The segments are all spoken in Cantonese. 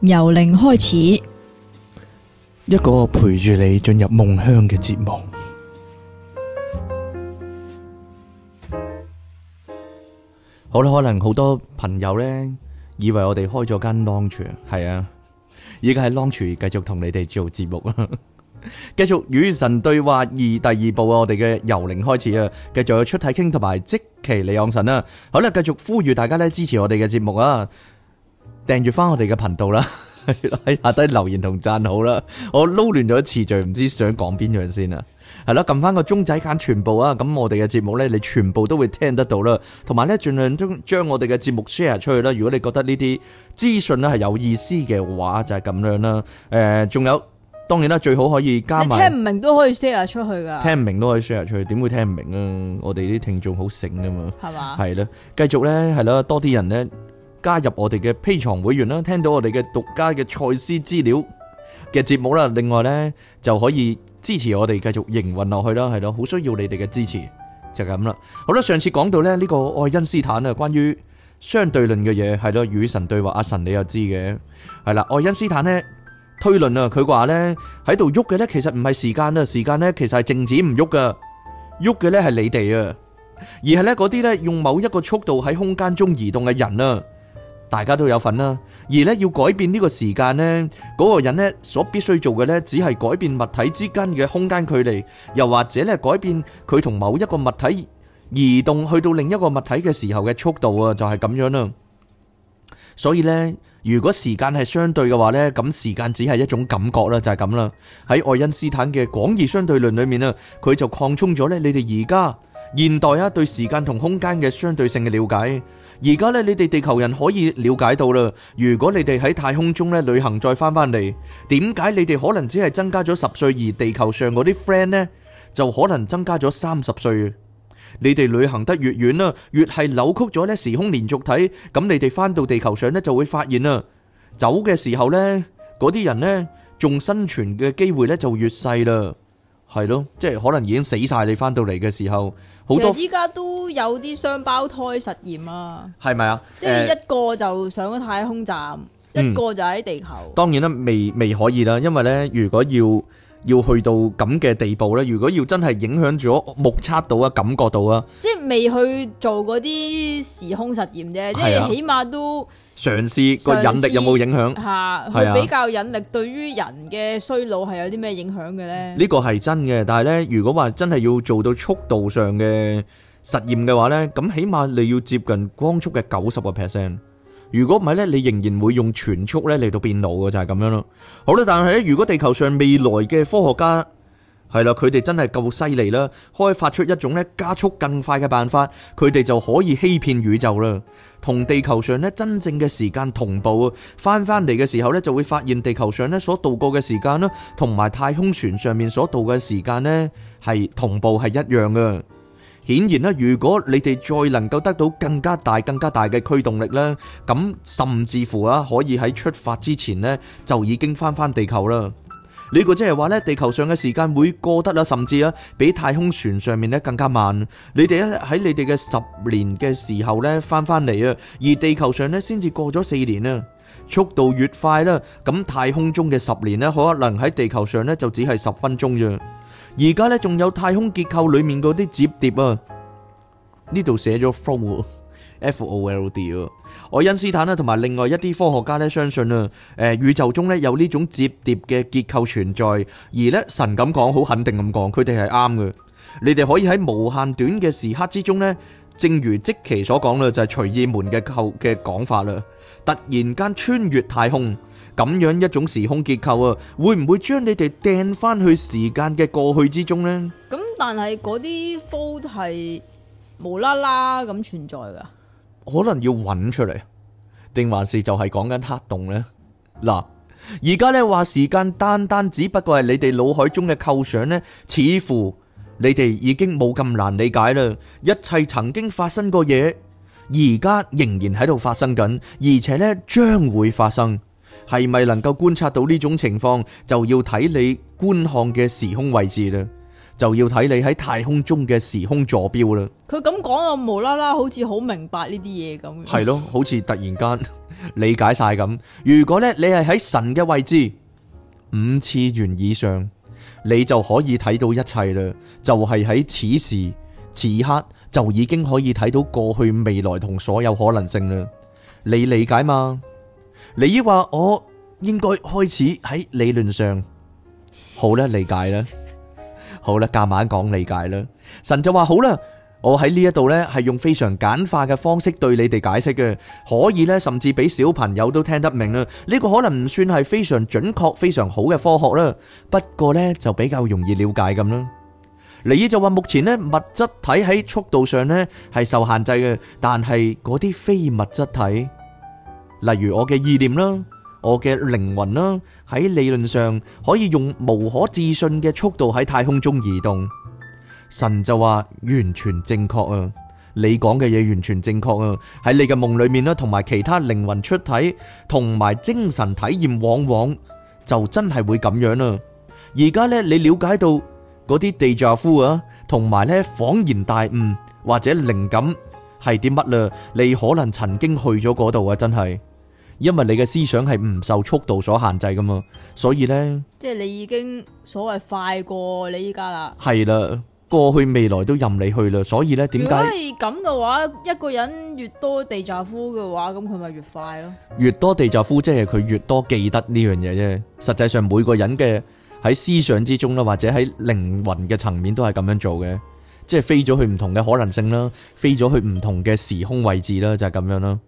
由零開始，一個陪住你進入夢鄉嘅節目。好啦，可能好多朋友呢以為我哋開咗間 long 船，係啊，而家喺 long 船繼續同你哋做節目啊，繼 續與神對話二第二部啊，我哋嘅由零開始啊，繼續有出體傾同埋即期李昂神啊，好啦，繼續呼籲大家咧支持我哋嘅節目啊。訂住翻我哋嘅頻道啦，喺 下低留言同讚好啦。我撈亂咗次序，唔知想講邊樣先啊。係 咯，撳翻個鐘仔，揀全部啊。咁我哋嘅節目咧，你全部都會聽得到啦。同埋咧，盡量都將我哋嘅節目 share 出去啦。如果你覺得呢啲資訊咧係有意思嘅話，就係、是、咁樣啦。誒、呃，仲有，當然啦，最好可以加埋。聽唔明都可以 share 出去噶。聽唔明都可以 share 出去，點會聽唔明啊？我哋啲聽眾好醒噶嘛？係嘛吧？係啦，繼續咧，係咯，多啲人咧。加入我哋嘅 Patreon 會員啦，聽到我哋嘅獨家嘅賽斯資料嘅節目啦。另外呢，就可以支持我哋繼續營運落去啦，係咯，好需要你哋嘅支持就咁、是、啦。好啦，上次講到咧呢個愛因斯坦啊，關於相對論嘅嘢係咯，與神對話阿神你又知嘅係啦，愛因斯坦呢，推論啊，佢話呢喺度喐嘅呢，其實唔係時間啊，時間呢其實係靜止唔喐噶，喐嘅呢係你哋啊，而係呢嗰啲呢，用某一個速度喺空間中移動嘅人啊。大家都有份啦，而咧要改變呢個時間呢，嗰個人呢，所必須做嘅呢，只係改變物體之間嘅空間距離，又或者咧改變佢同某一個物體移動去到另一個物體嘅時候嘅速度啊，就係咁樣啦。所以咧，如果時間係相對嘅話咧，咁時間只係一種感覺啦，就係咁啦。喺愛因斯坦嘅廣義相對論裏面呢，佢就擴充咗咧，你哋而家現代啊對時間同空間嘅相對性嘅了解。而家咧，你哋地球人可以了解到啦。如果你哋喺太空中咧旅行再翻翻嚟，點解你哋可能只係增加咗十歲，而地球上嗰啲 friend 呢，就可能增加咗三十歲？你哋旅行得越遠啦，越係扭曲咗呢時空連續體。咁你哋翻到地球上呢，就會發現啦，走嘅時候呢，嗰啲人呢仲生存嘅機會呢就越細啦。係咯，即係可能已經死晒。你翻到嚟嘅時候，好多。依家都有啲雙胞胎實驗啊。係咪啊？即係一個就上咗太空站，一個就喺地球。當然啦，未未可以啦，因為呢，如果要。要去到咁嘅地步呢？如果要真係影響咗，目測到啊，感覺到啊，即係未去做嗰啲時空實驗啫，即係起碼都嘗試個引力有冇影響吓？係啊，比較引力對於人嘅衰老係有啲咩影響嘅呢？呢個係真嘅，但係呢，如果話真係要做到速度上嘅實驗嘅話呢，咁起碼你要接近光速嘅九十個 percent。如果唔係咧，你仍然會用全速咧嚟到變老嘅，就係咁樣咯。好啦，但係咧，如果地球上未來嘅科學家係啦，佢哋真係夠犀利啦，開發出一種咧加速更快嘅辦法，佢哋就可以欺騙宇宙啦，同地球上咧真正嘅時間同步啊！翻翻嚟嘅時候咧，就會發現地球上咧所度過嘅時間啦，同埋太空船上面所度嘅時間呢，係同步，係一樣嘅。顯然咧，如果你哋再能夠得到更加大、更加大嘅驅動力咧，咁甚至乎啊，可以喺出發之前呢，就已經返返地球啦。呢、呢個即係話呢，地球上嘅時間會過得啊，甚至啊，比太空船上面呢更加慢。你哋喺你哋嘅十年嘅時候呢返返嚟，啊，而地球上呢先至過咗四年啊。速度越快啦，咁太空中嘅十年呢，可能喺地球上呢，就只係十分鐘啫。而家咧仲有太空結構裏面嗰啲折疊啊，呢度寫咗 fold，F-O-L-D。愛因斯坦啊，同埋另外一啲科學家咧，相信啊，誒宇宙中咧有呢種折疊嘅結構存在，而咧神咁講，好肯定咁講，佢哋係啱嘅。你哋可以喺無限短嘅時刻之中咧，正如積奇所講啦，就係隨意門嘅構嘅講法啦，突然間穿越太空。咁樣一種時空結構啊，會唔會將你哋掟翻去時間嘅過去之中呢？咁，但係嗰啲 Fold 係無啦啦咁存在㗎，可能要揾出嚟，定還是就係講緊黑洞呢？嗱，而家呢話時間單單只不過係你哋腦海中嘅構想呢，似乎你哋已經冇咁難理解啦。一切曾經發生過嘢，而家仍然喺度發生緊，而且呢將會發生。係咪能夠觀察到呢種情況，就要睇你觀看嘅時空位置啦，就要睇你喺太空中嘅時空坐標啦。佢咁講，我無啦啦好似好明白呢啲嘢咁。係咯 好似突然間 理解晒咁。如果咧，你係喺神嘅位置，五次元以上，你就可以睇到一切啦。就係喺此時此刻，就已經可以睇到過去、未來同所有可能性啦。你理解嘛？尼爾話，我應該開始喺理論上好啦，理解啦，好啦，夾硬講理解啦。神就話好啦，我喺呢一度呢係用非常簡化嘅方式對你哋解釋嘅，可以呢，甚至俾小朋友都聽得明啦。呢、這個可能唔算係非常準確、非常好嘅科學啦，不過呢就比較容易了解咁啦。尼爾就話目前呢物質體喺速度上呢係受限制嘅，但係嗰啲非物質體。例如我嘅意念啦，我嘅靈魂啦，喺理論上可以用無可置信嘅速度喺太空中移動。神就完、啊、話完全正確啊，你講嘅嘢完全正確啊。喺你嘅夢裏面啦，同埋其他靈魂出體同埋精神體驗，往往就真係會咁樣啦，啊。而家呢，你了解到嗰啲 deja vu 啊，同埋呢恍然大悟或者靈感係啲乜嘞？你可能曾經去咗嗰度啊，真係。因為你嘅思想係唔受速度所限制噶嘛，所以呢，即係你已經所謂快過你依家啦。係啦，過去未來都任你去啦，所以呢，點解？如果係咁嘅話，一個人越多地炸夫嘅話，咁佢咪越快咯？越多地炸夫，即係佢越多記得呢樣嘢啫。實際上每個人嘅喺思想之中啦，或者喺靈魂嘅層面都係咁樣做嘅，即係飛咗去唔同嘅可能性啦，飛咗去唔同嘅時空位置啦，就係咁樣啦。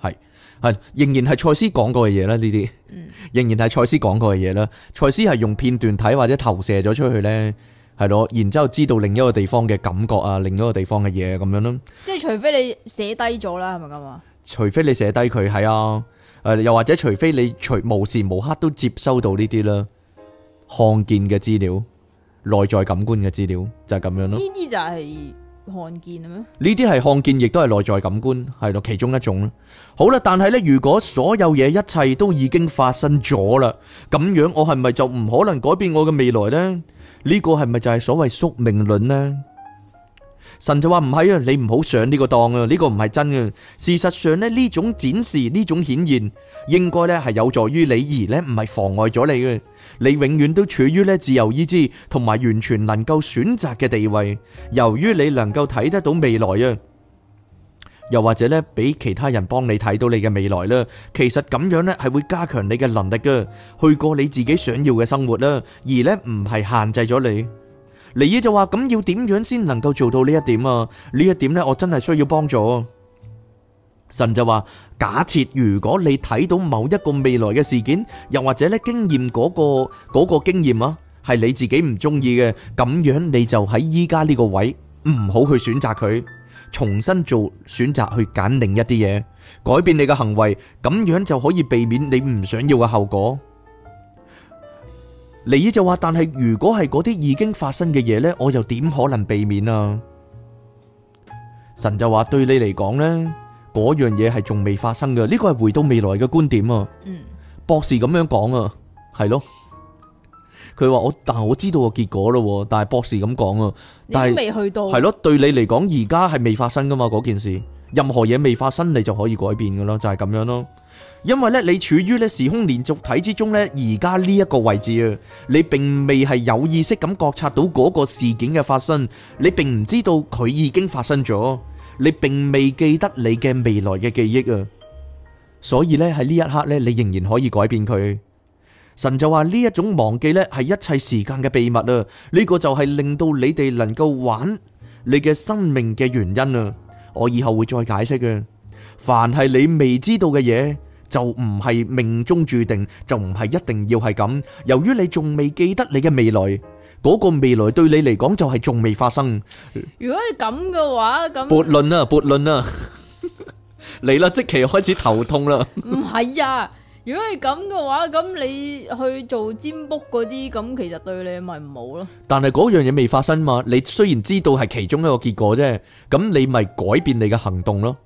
係係仍然係賽斯講過嘅嘢啦，呢啲、嗯、仍然係賽斯講過嘅嘢啦。賽斯係用片段睇或者投射咗出去呢，係咯，然之後知道另一個地方嘅感覺啊，另一個地方嘅嘢咁樣咯。即係除非你寫低咗啦，係咪咁啊？除非你寫低佢，係啊，誒，又或者除非你除無時無刻都接收到呢啲啦，看見嘅資料、內在感官嘅資料，就係咁樣咯。呢啲就係、是。看見呢啲係看見，亦都係內在感官，係咯，其中一種。好啦，但係呢，如果所有嘢，一切都已經發生咗啦，咁樣我係咪就唔可能改變我嘅未來呢？呢個係咪就係所謂宿命論呢？神就話，唔係啊，你唔好上呢個當啊，呢個唔係真嘅。事實上咧，呢種展示呢種顯現，應該咧係有助於你而咧，唔係妨礙咗你嘅。你永遠都處於咧自由意志同埋完全能夠選擇嘅地位。由於你能夠睇得到未來啊，又或者咧俾其他人幫你睇到你嘅未來啦，其實咁樣咧係會加強你嘅能力嘅，去過你自己想要嘅生活啦，而咧唔係限制咗你。尼爾就話：咁要點樣先能夠做到呢一點啊？呢一點呢，我真係需要幫助啊。神就話：假設如果你睇到某一個未來嘅事件，又或者咧經驗嗰個嗰個經驗啊，係你自己唔中意嘅，咁樣你就喺依家呢個位唔好去選擇佢，重新做選擇去揀另一啲嘢，改變你嘅行為，咁樣就可以避免你唔想要嘅後果。尼爾就話，但係如果係嗰啲已經發生嘅嘢咧，我又點可能避免啊？神就話，對你嚟講咧，嗰樣嘢係仲未發生嘅，呢個係回到未來嘅觀點啊。嗯，博士咁樣講啊，係咯，佢話我但係我知道個結果咯，但係博士咁講啊，但係都未去到，係咯，對你嚟講而家係未發生㗎嘛嗰件事。任何嘢未發生，你就可以改變噶咯，就係咁樣咯。因為咧，你處於咧時空連續體之中咧，而家呢一個位置啊，你並未係有意識咁覺察到嗰個事件嘅發生，你並唔知道佢已經發生咗，你並未記得你嘅未來嘅記憶啊。所以咧，喺呢一刻咧，你仍然可以改變佢。神就話呢一種忘記咧，係一切時間嘅秘密啊。呢個就係令到你哋能夠玩你嘅生命嘅原因啊。我以後會再解釋嘅。凡係你未知道嘅嘢，就唔係命中注定，就唔係一定要係咁。由於你仲未記得你嘅未來，嗰個未來對你嚟講就係仲未發生。如果係咁嘅話，咁……悖論啊，悖論啊！嚟 啦，即期開始頭痛啦。唔係呀！如果係咁嘅話，咁你去做占卜嗰啲，咁其實對你咪唔好咯。但係嗰樣嘢未發生嘛，你雖然知道係其中一個結果啫，咁你咪改變你嘅行動咯。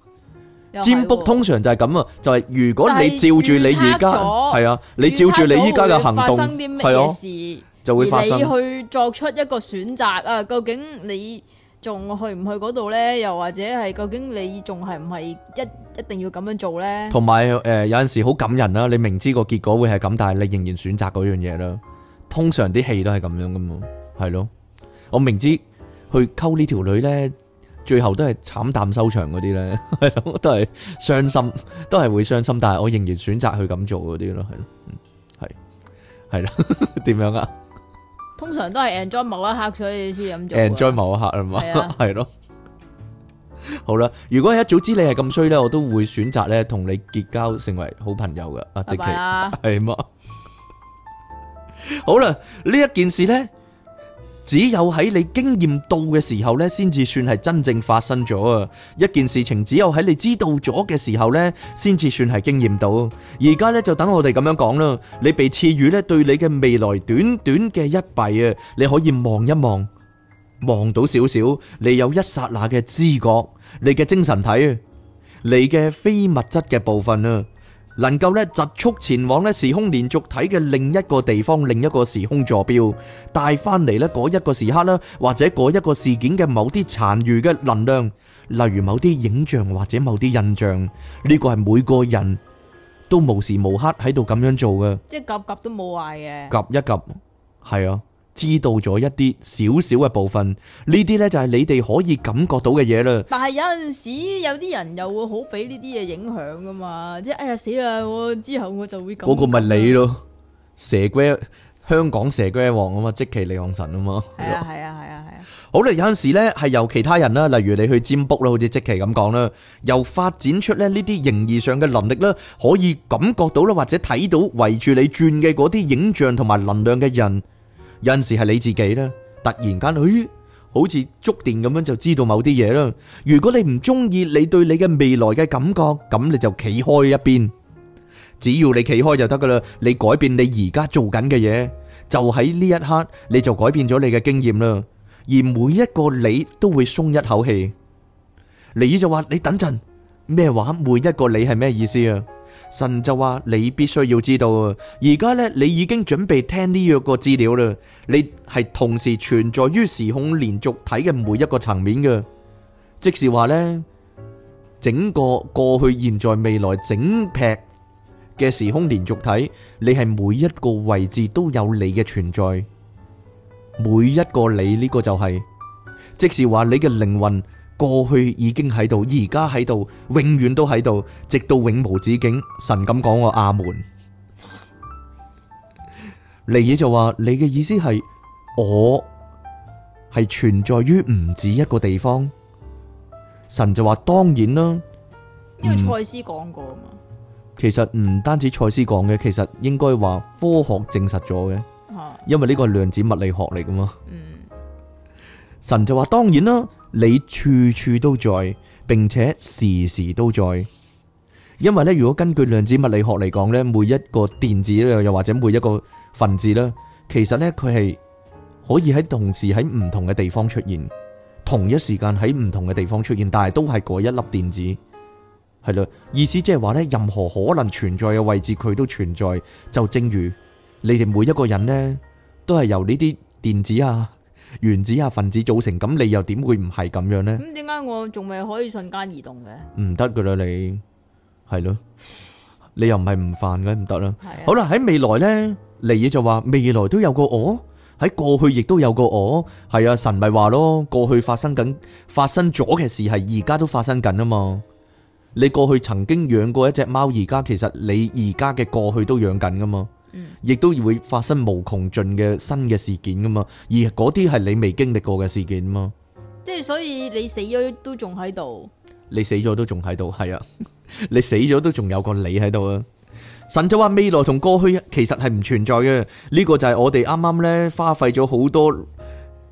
占卜通常就係咁啊，就係、是、如果你照住你而家係啊，你照住你而家嘅行動，係啊，就會發生。而你去作出一個選擇啊，究竟你。仲去唔去嗰度呢？又或者係究竟你仲係唔係一一定要咁樣做呢？同埋誒，有陣時好感人啦！你明知個結果會係咁，但係你仍然選擇嗰樣嘢啦。通常啲戲都係咁樣噶嘛，係咯。我明知去溝呢條女呢，最後都係慘淡收場嗰啲呢，係咯，都係傷心，都係會傷心，但係我仍然選擇去咁做嗰啲咯，係咯，嗯，係係啦，點 樣啊？通常都係 enjoy 某一刻，所以先飲咗「enjoy 某一刻，係嘛，係咯 吧。 好啦，如果一早知你係咁衰咧，我都會選擇咧同你結交成為好朋友噶。阿直奇係嘛。好啦，呢 對吧 一件事咧。只有喺你經驗到嘅時候呢，先至算係真正發生咗啊！一件事情只有喺你知道咗嘅時候呢，先至算係經驗到。而家呢，就等我哋咁樣講啦。你被賜予咧，對你嘅未來短短嘅一瞥啊，你可以望一望，望到少少，你有一剎那嘅知覺，你嘅精神體啊，你嘅非物質嘅部分啊。能夠咧疾速前往咧時空連續體嘅另一個地方，另一個時空坐標，帶翻嚟咧嗰一個時刻啦，或者嗰一個事件嘅某啲殘餘嘅能量，例如某啲影像或者某啲印象，呢個係每個人都無時無刻喺度咁樣做嘅。即係夾夾都冇壞嘅。夾一夾，係啊。知道咗一啲少少嘅部分，呢啲咧就係你哋可以感覺到嘅嘢啦。但係有陣時有啲人又會好俾呢啲嘢影響噶嘛即係哎呀死啦，我之後我就會咁。嗰個咪你咯，蛇龜香港蛇龜王啊嘛，即其利用神啊嘛。係啊係啊係啊係啊。好啦，有陣時咧係由其他人啦，例如你去占卜啦，好似即其咁講啦，由發展出咧呢啲形而上嘅能力啦，可以感覺到啦，或者睇到圍住你轉嘅嗰啲影像同埋能量嘅人。有時係你自己啦，突然間，誒、哎，好似觸電咁樣就知道某啲嘢啦。如果你唔中意你對你嘅未來嘅感覺，咁你就企開一邊。只要你企開就得噶啦。你改變你而家做緊嘅嘢，就喺呢一刻你就改變咗你嘅經驗啦。而每一個你都會鬆一口氣。你就話：你等陣，咩話？每一個你係咩意思啊？神就話：你必須要知道，啊。而家咧你已經準備聽呢樣個資料啦。你係同時存在於時空連續體嘅每一個層面嘅，即是話呢，整個過去、現在、未來整片嘅時空連續體，你係每一個位置都有你嘅存在，每一個你呢個就係、是，即是話你嘅靈魂。過去已經喺度，而家喺度，永遠都喺度，直到永無止境。神咁講、哦， 我阿門。尼爾就話：你嘅意思係我係存在於唔止一個地方。神就話：當然啦。因為蔡司講過啊嘛、嗯。其實唔單止蔡司講嘅，其實應該話科學證實咗嘅。因為呢個係量子物理學嚟噶嘛。 嗯、神就話：當然啦。你處處都在，並且時時都在。因為咧，如果根據量子物理學嚟講咧，每一個電子咧，又或者每一個分子咧，其實咧佢係可以喺同時喺唔同嘅地方出現，同一時間喺唔同嘅地方出現，但係都係嗰一粒電子。係啦，意思即係話咧，任何可能存在嘅位置佢都存在。就正如你哋每一個人呢，都係由呢啲電子啊、原子啊，分子組成，咁你又點會唔係咁樣咧？咁點解我仲未可以瞬間移動嘅？唔得噶啦，你係咯，你又唔係唔犯嘅，唔得啦。係啊。好啦，喺未來咧,你嘅就話未來都有個我，喺過去亦都有個我。係啊，神咪話咯，過去發生緊、發生咗嘅事係而家都發生緊啊嘛。你過去曾經養過一隻貓，而家其實你而家嘅過去都養緊噶嘛。亦都會發生無窮盡嘅新嘅事件㗎嘛，而嗰啲係你未經歷過嘅事件嘛。即係所以你死咗都仲喺度，你死咗都仲喺度，係啊， 你死咗都仲有個你喺度啊。神就話未來同過去其實係唔存在嘅，呢個就係我哋啱啱呢花費咗好多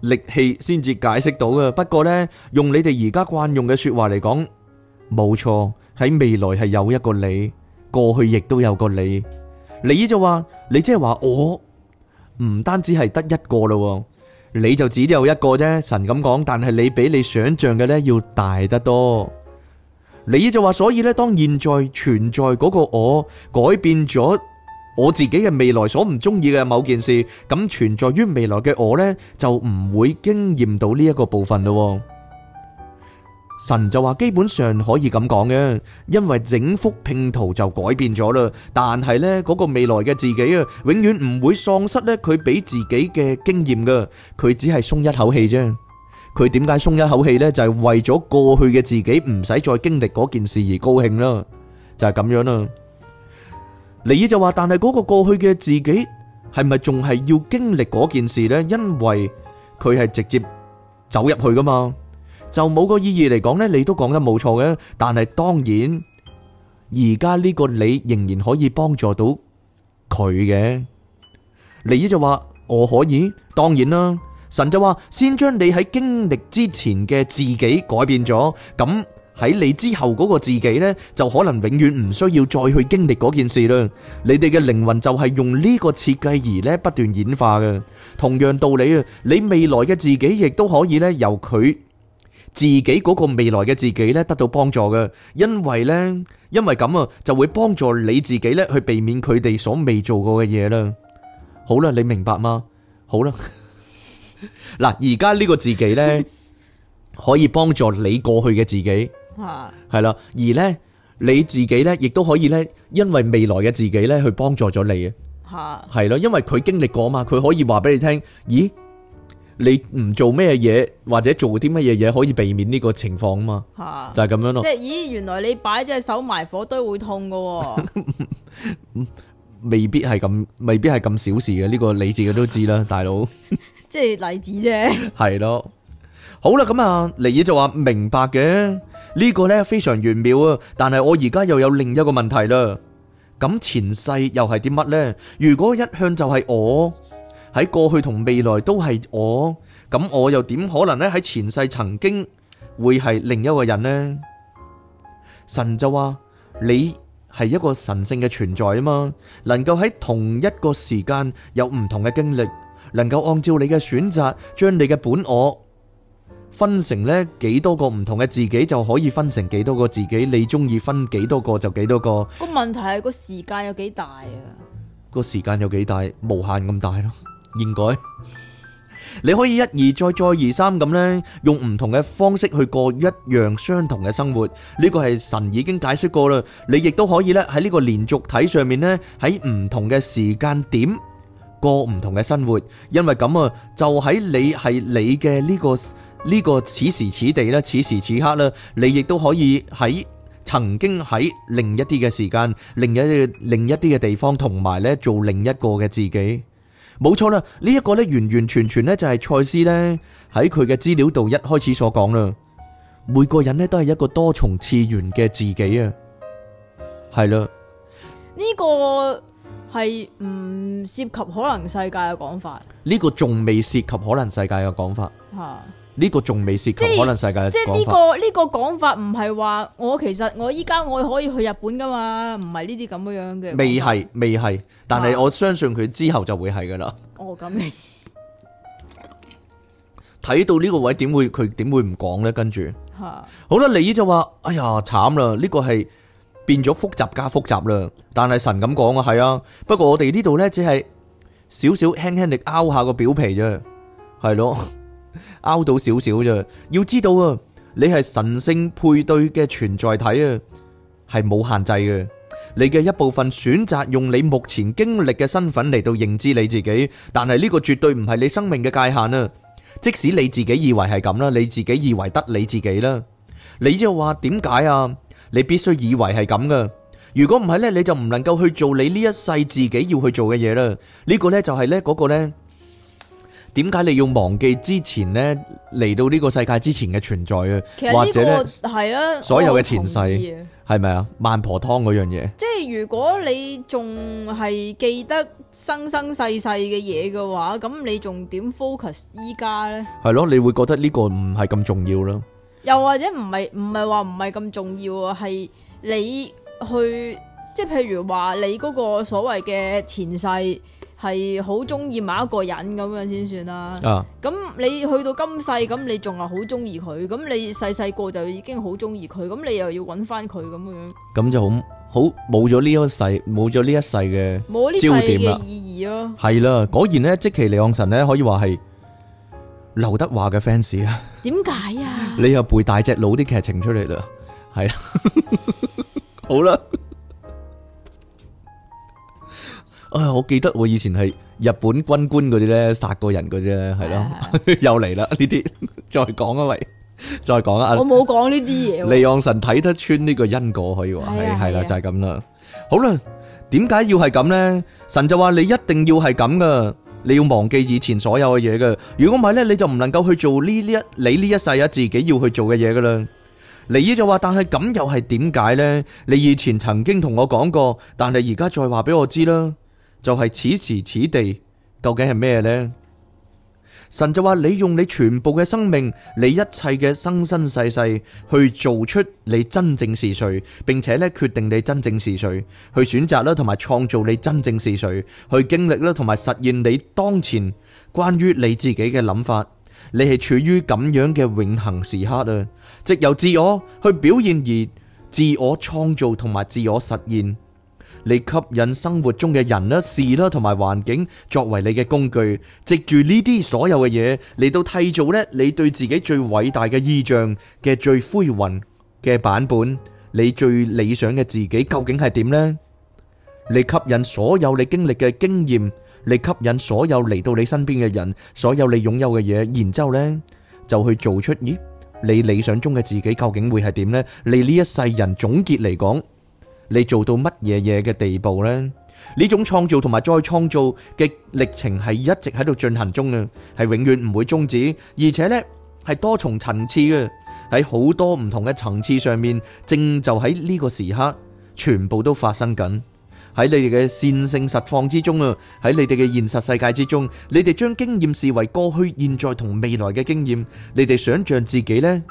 力氣先至解釋到嘅。不過呢，用你哋而家慣用嘅說話嚟講，冇錯，喺未來係有一個你，過去亦都有個你。你就話，你即係話我唔單止係得一個咯，你就只有一個啫。神咁講，但係你比你想象嘅咧要大得多。你就話，所以咧，當現在存在嗰個我改變咗我自己嘅未來所唔中意嘅某件事，咁存在於未來嘅我呢，就唔會經驗到呢一個部分咯。神就話，基本上可以咁講嘅，因為整幅拼圖就改變咗啦。但係呢，嗰個未來嘅自己啊，永遠唔會喪失咧佢俾自己嘅經驗噶。佢只係鬆一口氣啫。佢點解鬆一口氣呢？就係為咗過去嘅自己唔使再經歷嗰件事而高興啦。就係咁樣啦。尼爾就話，但係嗰個過去嘅自己係咪仲係要經歷嗰件事呢？因為佢係直接走入去噶嘛。就冇個意義嚟講咧，你都講得冇錯嘅。但係當然，而家呢個你仍然可以幫助到佢嘅。你就話，我可以，當然啦。神就話，先將你喺經歷之前嘅自己改變咗，咁喺你之後嗰個自己咧，就可能永遠唔需要再去經歷嗰件事啦。你哋嘅靈魂就係用呢個設計而咧不斷演化嘅。同樣道理啊，你未來嘅自己亦都可以咧由佢。自己嗰個未來嘅自己呢，得到幫助嘅，因為呢，因為咁啊，就會幫助你自己呢去避免佢哋所未做過嘅嘢啦。好啦，你明白嗎？好啦，嗱，而家呢個自己呢，可以幫助你過去嘅自己，係係啦，而呢你自己呢，亦都可以呢，因為未來嘅自己呢去幫助咗你啊，係咯，因為佢經歷過嘛，佢可以話俾你聽，咦？你唔做咩嘢，或者做啲乜嘢嘢可以避免呢個情況啊嘛？啊就係咁樣咯。即係咦，原來你擺隻手埋火堆會痛噶、啊 ？未必係咁，未必係咁小事嘅。呢、這個你自己都知啦，大佬。 即係例子啫。係咯。 好啦，咁、嗯、啊，尼爾就話明白嘅呢、這個呢，非常玄妙啊，但係我而家又有另一個問題啦。咁前世又係啲乜呢？如果一向就係我。喺過去同未來都係我，咁我又點可能咧？喺前世曾經會係另一個人呢？神就話你係一個神性嘅存在啊嘛，能夠喺同一個時間有唔同嘅經歷，能夠按照你嘅選擇，將你嘅本我分成咧幾多個唔同嘅自己，就可以分成幾多個自己，你中意分幾多個就幾多個。個問題係個時間有幾大啊？個時間有幾大？無限咁大咯。應該，你可以一而再、再而三咁呢，用唔同嘅方式去過一樣相同嘅生活。呢個係神已經解釋過啦。你亦都可以呢，喺呢個連續體上面呢，喺唔同嘅時間點過唔同嘅生活。因為咁啊，就喺你係你嘅呢個呢個此時此地咧，此時此刻啦，你亦都可以喺曾經喺另一啲嘅時間、另一另一啲嘅地方，同埋呢做另一個嘅自己。冇錯啦，呢一個呢，完完全全呢，就係賽斯呢喺佢嘅資料度一開始所講啦。每個人呢，都係一個多重次元嘅自己啊，係啦，呢個係唔涉及可能世界嘅講法。呢個仲未涉及可能世界嘅講法。啊呢個仲未涉及，可能世界即係呢個呢個講法唔係話我其實我依家我可以去日本噶嘛，唔係呢啲咁樣嘅。未係未係，但係我相信佢之後就會係噶啦。哦，咁你睇到呢個位點會佢點會唔講咧？跟住，係好啦，你就話：哎呀，慘啦！呢個係變咗複雜加複雜啦。但係神咁講啊，係啊。不過我哋呢度咧，只係少少輕輕地拗下個表皮啫，係咯。拗到少少咋？要知道啊，你係神聖配對嘅存在體啊，係冇限制嘅。你嘅一部分選擇用你目前經歷嘅身份嚟到認知你自己，但係呢個絕對唔係你生命嘅界限啊！即使你自己以為係咁啦，你自己以為得你自己啦，你就話點解啊？你必須以為係咁噶。如果唔係呢，你就唔能夠去做你呢一世自己要去做嘅嘢啦。呢個呢，就係呢嗰個呢。點解你要忘記之前咧？嚟到呢個世界之前嘅存在啊，其實呢個，或者咧，所有嘅前世係咪啊？萬婆湯嗰樣嘢，即係如果你仲係記得生生世世嘅嘢嘅話，咁你仲點 focus 依家咧？係咯，你會覺得呢個唔係咁重要咯。又或者唔係唔係話唔係咁重要啊？係你去，即係譬如話你嗰個所謂嘅前世，係好中意某一個人咁樣先算啦。咁你去到今世，咁你仲係好中意佢。咁你細細個就已經好中意佢。咁你又要揾翻佢咁樣。咁就好好冇咗呢一世，冇咗呢一世嘅冇呢世嘅意義咯。係啦，果然咧，即其李昂臣咧可以話係劉德華嘅 fans 啊？點解啊？你又背大隻佬啲劇情出嚟啦。係啦，好啦。哎，我記得我以前係日本軍官嗰啲咧，殺過人嘅啫，係咯，啊、又嚟啦呢啲，再講一喂，再講啊，我冇講呢啲嘢。利昂神睇得穿呢個因果，可以話係係啦，就係咁啦。好啦，點解要係咁呢？神就話你一定要係咁噶，你要忘記以前所有嘅嘢噶。如果唔係咧，你就唔能夠去做呢呢一你呢一世啊自己要去做嘅嘢噶啦。你就話，但係咁又係點解呢？你以前曾經同我講過，但係而家再話俾我知啦。就係此時此地，究竟係咩呢？神就話，你用你全部嘅生命，你一切嘅生生世世，去做出你真正是誰，並且咧決定你真正是誰，去選擇啦，同埋創造你真正是誰，去經歷啦，同埋實現你當前關於你自己嘅諗法。你係處於咁樣嘅永恆時刻啊！即由自我去表現而自我創造同埋自我實現。你吸引生活中嘅人啦、事啦，同埋環境作為你嘅工具，藉住呢啲所有嘅嘢嚟到締造咧，你對自己最偉大嘅意象嘅最恢宏嘅版本，你最理想嘅自己究竟係點咧？你吸引所有你經歷嘅經驗，你吸引所有嚟到你身邊嘅人，所有你擁有嘅嘢，然之後咧就去做出咦，你理想中嘅自己究竟會係點咧？你呢一世人總結嚟講。你做到乜嘢嘢嘅地步呢？呢種創造同埋再創造嘅歷程係一直喺度進行中嘅，係永遠唔會終止，而且呢係多重層次嘅，喺好多唔同嘅層次上面，正就喺呢個時刻，全部都發生緊喺你哋嘅線性實況之中啊！喺你哋嘅現實世界之中，你哋將經驗視為過去、現在同未來嘅經驗，你哋想象自己呢。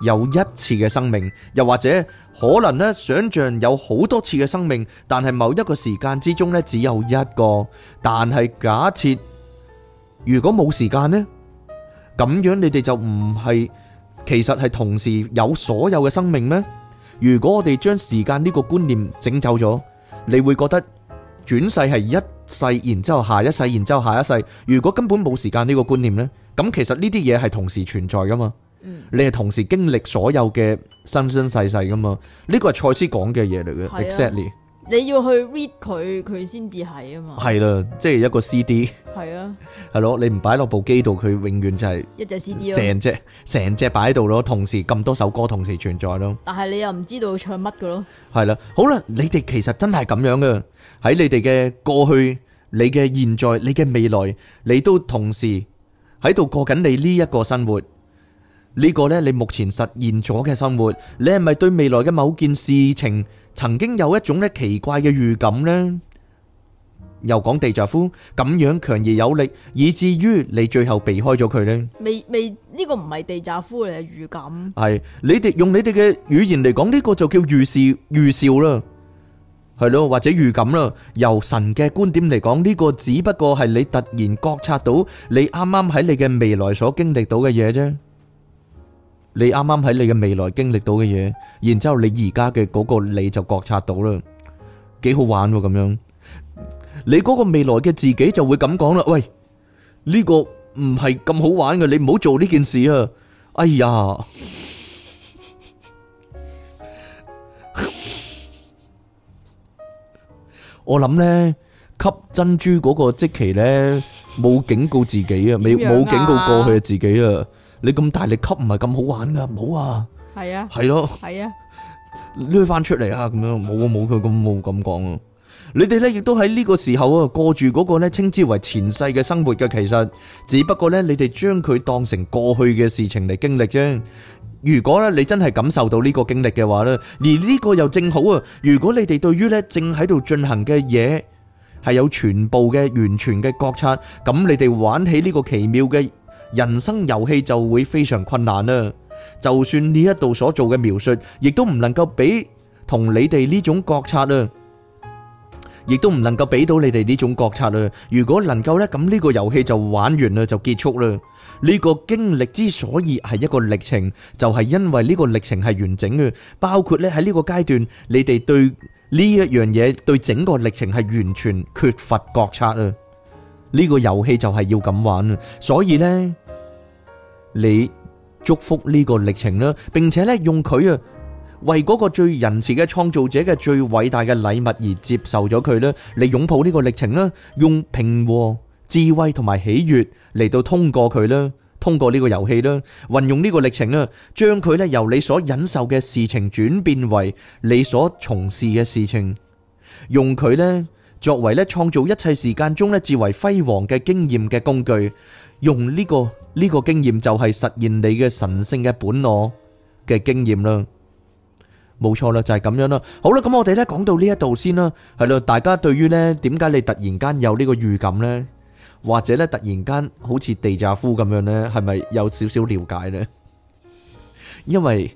有一次嘅生命，又或者可能呢想象有好多次嘅生命，但係某一個時間之中呢，只有一個。但係假設如果冇時間呢，咁樣你哋就唔係其實係同時有所有嘅生命咩？如果我哋將時間呢個觀念整走咗，你會覺得轉世係一世，然之後下一世，然之後下一世。如果根本冇時間呢個觀念呢，咁其實呢啲嘢係同時存在噶嘛？你係同時經歷所有嘅生生世世噶嘛？呢個係賽斯講嘅嘢嚟嘅。Exactly，你要去 read 佢，佢先至係啊嘛。係啦，即係一個 CD。係啊，係咯，你唔擺落部機度，佢永遠就係一隻 CD，成隻成隻擺喺度咯。同時咁多首歌同時存在咯。但係你又唔知道唱乜㗎咯？係啦，好啦，你哋其實真係咁樣嘅。喺你哋嘅過去、你嘅現在、你嘅未來，你都同時喺度過緊你呢一個生活。呢個呢，你目前實現咗嘅生活，你係咪對未來嘅某件事情曾經有一種呢奇怪嘅預感呢？又講地扎夫咁樣強而有力，以至於你最後避開咗佢呢？未未呢個唔係地扎夫嚟嘅預感，係你哋用你哋嘅語言嚟講呢個就叫預示預兆啦，係咯，或者預感啦。由神嘅觀點嚟講，呢個只不過係你突然覺察到你啱啱喺你嘅未來所經歷到嘅嘢啫。你啱啱喺你嘅未來經歷到嘅嘢，然之後你而家嘅嗰個你就覺察到啦，幾好玩喎咁樣。你嗰個未來嘅自己就會咁講啦。喂，呢個唔係咁好玩嘅，你唔好做呢件事啊。哎呀，我諗呢吸珍珠嗰個即期呢，冇警告自己啊，冇冇警告過去嘅自己啊。你咁大力吸，唔係咁好玩噶，唔好啊！係啊，係咯，係啊，攞翻出嚟啊！咁樣冇啊冇佢咁冇咁講啊！你哋呢亦都喺呢個時候啊過住嗰個呢稱之為前世嘅生活嘅，其實只不過呢你哋將佢當成過去嘅事情嚟經歷啫。如果呢你真係感受到呢個經歷嘅話呢，而呢個又正好啊！如果你哋對於呢正喺度進行嘅嘢係有全部嘅完全嘅覺察，咁你哋玩起呢個奇妙嘅。人生遊戲就會非常困難啦。就算呢一度所做嘅描述，亦都唔能夠俾同你哋呢種覺察啊，亦都唔能夠俾到你哋呢種覺察啊。如果能夠呢，咁呢個遊戲就玩完啦，就結束啦。呢個經歷之所以係一個歷程，就係因為呢個歷程係完整嘅，包括呢喺呢個階段，你哋對呢一樣嘢，對整個歷程係完全缺乏覺察啊。呢個遊戲就係要咁玩，所以呢。你祝福呢個歷程啦，並且咧用佢啊，為嗰個最仁慈嘅創造者嘅最偉大嘅禮物而接受咗佢啦，你擁抱呢個歷程啦，用平和、智慧同埋喜悅嚟到通過佢啦，通過呢個遊戲啦，運用呢個歷程啊，將佢咧由你所忍受嘅事情轉變為你所從事嘅事情，用佢咧。作為咧創造一切時間中咧至為輝煌嘅經驗嘅工具，用呢個呢個經驗就係實現你嘅神聖嘅本我嘅經驗啦。冇錯啦，就係咁樣啦。好啦，咁我哋咧講到呢一度先啦。係咯，大家對於咧點解你突然間有呢個預感咧，或者咧突然間好似地炸夫咁樣咧，係咪有少少了解咧？因為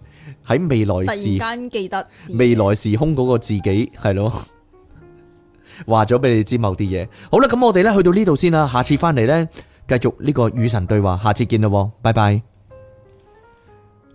喺未來時間，記得未來時空嗰個自己係咯。話咗畀你知某啲嘢，好啦，咁我哋咧去到呢度先啦，下次翻嚟咧繼續呢個與神對話，下次見啦喎，拜拜。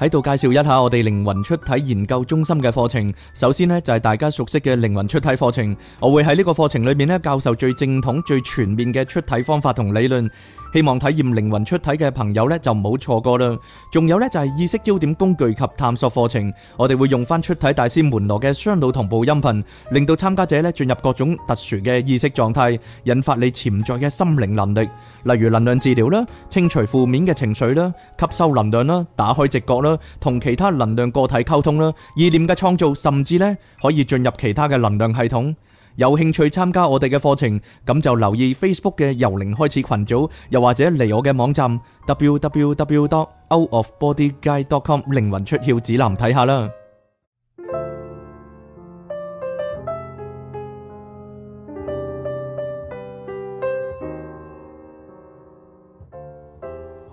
喺度介紹一下我哋靈魂出體研究中心嘅課程。首先呢就係大家熟悉嘅靈魂出體課程，我會喺呢個課程裏面呢教授最正統、最全面嘅出體方法同理論。希望體驗靈魂出體嘅朋友呢就唔好錯過啦。仲有呢就係意識焦點工具及探索課程，我哋會用翻出體大師門羅嘅雙腦同步音頻，令到參加者呢進入各種特殊嘅意識狀態，引發你潛在嘅心靈能力，例如能量治療啦、清除負面嘅情緒啦、吸收能量啦、打開直覺啦。同其他能量個體溝通啦，意念嘅創造，甚至呢可以進入其他嘅能量系統。有興趣參加我哋嘅課程，咁就留意 Facebook 嘅由零開始群組，又或者嚟我嘅網站 www.outofbodyguide.com 靈魂出竅指南睇下啦。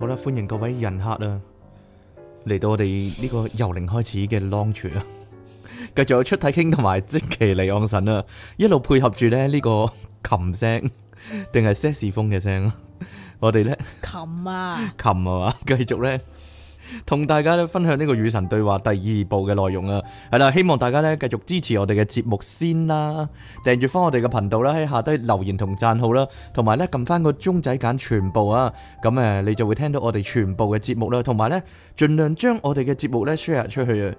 好啦，歡迎各位人客啊！嚟到我哋呢個由零開始嘅 launch 啊，繼續出體傾同埋即期嚟安神啊，一路配合住咧呢個琴聲定係色士風嘅聲啊，我哋咧琴啊，琴啊，繼續咧。同大家咧分享呢個與神對話第二部嘅內容啊，係啦，希望大家呢繼續支持我哋嘅節目先啦，訂閱翻我哋嘅頻道啦，喺下低留言同讚好啦，同埋呢撳翻個鐘仔揀全部啊，咁誒，你就會聽到我哋全部嘅節目啦，同埋呢，盡量將我哋嘅節目呢 share 出去啊，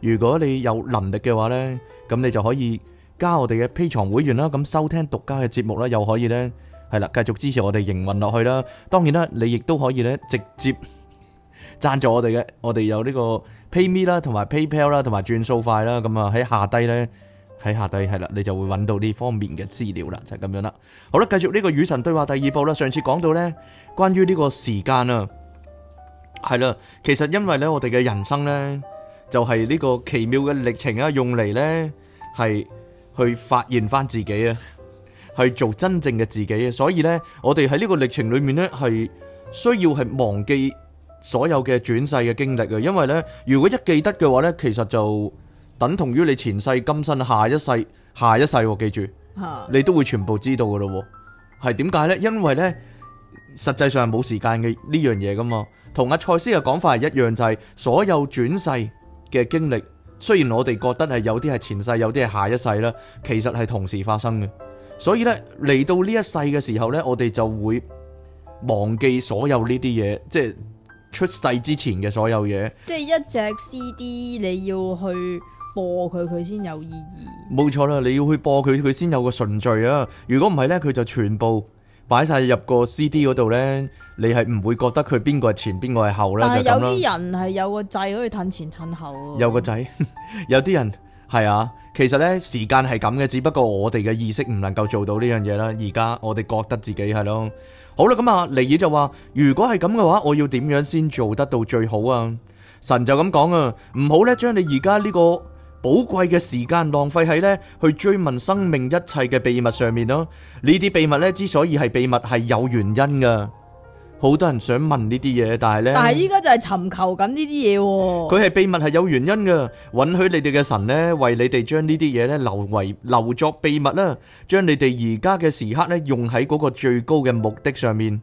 如果你有能力嘅話呢，咁你就可以加我哋嘅 Patreon 會員啦，咁收聽獨家嘅節目啦，又可以呢係啦，繼續支持我哋營運落去啦，當然啦，你亦都可以呢直接。贊助我哋嘅，我哋有呢個 PayMe 啦，同埋 PayPal 啦，同埋轉數快啦。咁啊，喺下低咧，喺下低係啦，你就會揾到呢方面嘅資料啦，就係咁樣啦。好啦，繼續呢個與神對話第二部啦。上次講到咧，關於呢個時間啊，係啦，其實因為咧，我哋嘅人生咧就係呢個奇妙嘅歷程啊，用嚟咧係去發現翻自己啊，去做真正嘅自己啊，所以咧，我哋喺呢個歷程裏面咧係需要係忘記。所有嘅轉世嘅經歷啊，因為呢，如果一記得嘅話呢，其實就等同於你前世、今生、下一世、下一世，記住，你都會全部知道噶咯。係點解呢？因為呢，實際上係冇時間嘅呢樣嘢噶嘛。同阿賽斯嘅講法係一樣，就係、是、所有轉世嘅經歷，雖然我哋覺得係有啲係前世，有啲係下一世啦，其實係同時發生嘅。所以呢，嚟到呢一世嘅時候呢，我哋就會忘記所有呢啲嘢，即係。出世之前嘅所有嘢，即係一隻 CD，你要去播佢，佢先有意義。冇錯啦，你要去播佢，佢先有個順序啊！如果唔係咧，佢就全部擺晒入個 CD 嗰度咧，你係唔會覺得佢邊個係前，邊個係後啦，但係有啲人係有個掣可以褪前褪後，有個掣， 有啲人。係啊，其實呢時間係咁嘅，只不過我哋嘅意識唔能夠做到呢樣嘢啦。而家我哋覺得自己係咯，好啦，咁啊尼爾就話，如果係咁嘅話，我要點樣先做得到最好啊？神就咁講啊，唔好呢將你而家呢個寶貴嘅時間浪費喺呢去追問生命一切嘅秘密上面咯。呢啲秘密呢，之所以係秘密，係有原因噶。好多人想問呢啲嘢，但係咧，但係依家就係尋求緊呢啲嘢，佢係秘密係有原因嘅。允許你哋嘅神咧為你哋將呢啲嘢咧留為留作秘密啦，將你哋而家嘅時刻咧用喺嗰個最高嘅目的上面，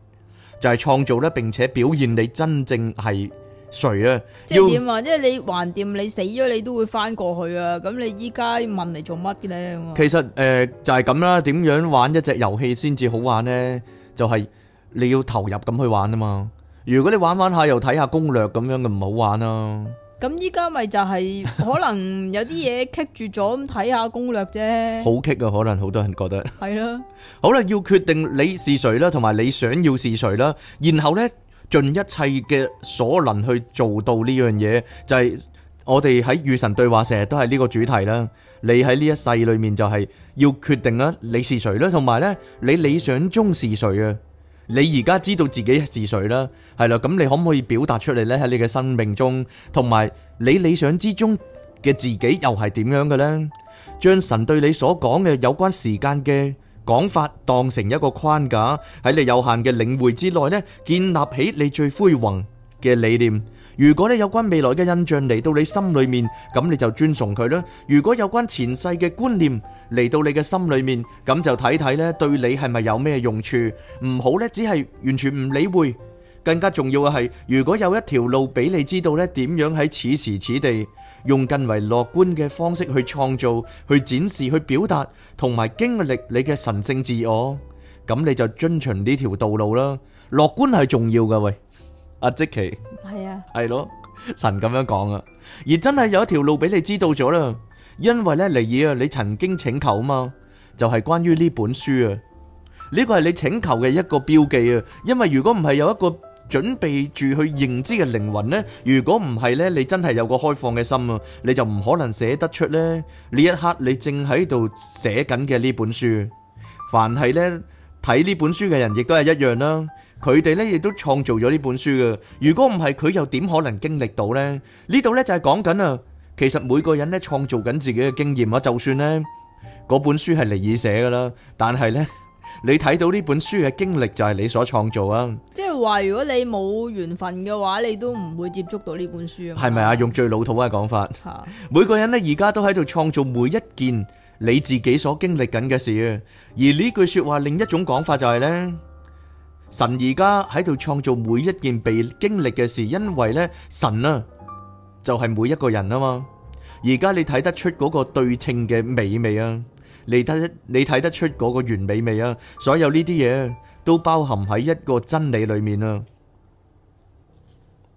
就係創造咧，並且表現你真正係誰啊。即係點啊？即係你橫掂你死咗你都會翻過去啊！咁你依家問嚟做乜嘅咧？其實誒就係咁啦。點樣玩一隻遊戲先至好玩咧？就係。你要投入咁去玩啊嘛！如果你玩玩下又睇下攻略咁樣嘅唔好玩啦。咁依家咪就係可能有啲嘢棘住咗，咁睇下攻略啫。好棘啊！可能好多人覺得係啦。的 好啦，要決定你是誰啦，同埋你想要是誰啦，然後呢，盡一切嘅所能去做到呢樣嘢，就係、是、我哋喺與神對話成日都係呢個主題啦。你喺呢一世裏面就係要決定啦，你是誰啦，同埋呢，你理想中是誰啊？你而家知道自己是誰啦，係啦，咁你可唔可以表達出嚟呢？喺你嘅生命中，同埋你理想之中嘅自己又係點樣嘅呢？將神對你所講嘅有關時間嘅講法，當成一個框架，喺你有限嘅領會之內呢，建立起你最輝煌嘅理念，如果你有關未來嘅印象嚟到你心裏面，咁你就尊崇佢啦。如果有關前世嘅觀念嚟到你嘅心裏面，咁就睇睇咧，對你係咪有咩用處。唔好咧，只係完全唔理會。更加重要嘅係，如果有一條路俾你知道咧，點樣喺此時此地用更為樂觀嘅方式去創造、去展示、去表達同埋經歷你嘅神聖自我，咁你就遵循呢條道路啦。樂觀係重要噶喂。阿即奇，係啊，係咯，神咁樣講啊，而真係有一條路俾你知道咗啦，因為呢，尼爾啊，你曾經請求啊嘛，就係、是、關於呢本書啊，呢、這個係你請求嘅一個標記啊，因為如果唔係有一個準備住去認知嘅靈魂呢，如果唔係呢，你真係有個開放嘅心啊，你就唔可能寫得出呢。呢一刻你正喺度寫緊嘅呢本書，凡係呢，睇呢本書嘅人，亦都係一樣啦。佢哋咧亦都創造咗呢本書嘅。如果唔係，佢又點可能經歷到呢？呢度咧就係講緊啊，其實每個人咧創造緊自己嘅經驗啊。就算呢嗰本書係尼爾寫噶啦，但係呢，你睇到呢本書嘅經歷就係你所創造啊。即係話，如果你冇緣分嘅話，你都唔會接觸到呢本書啊。係咪啊？用最老土嘅講法， 每個人咧而家都喺度創造每一件你自己所經歷緊嘅事啊。而呢句說話另一種講法就係、是、呢。神而家喺度創造每一件被經歷嘅事，因為呢，神啊就係每一個人啊嘛。而家你睇得出嗰個對稱嘅美味啊，你睇你睇得出嗰個完美味啊。所有呢啲嘢都包含喺一個真理裏面啊。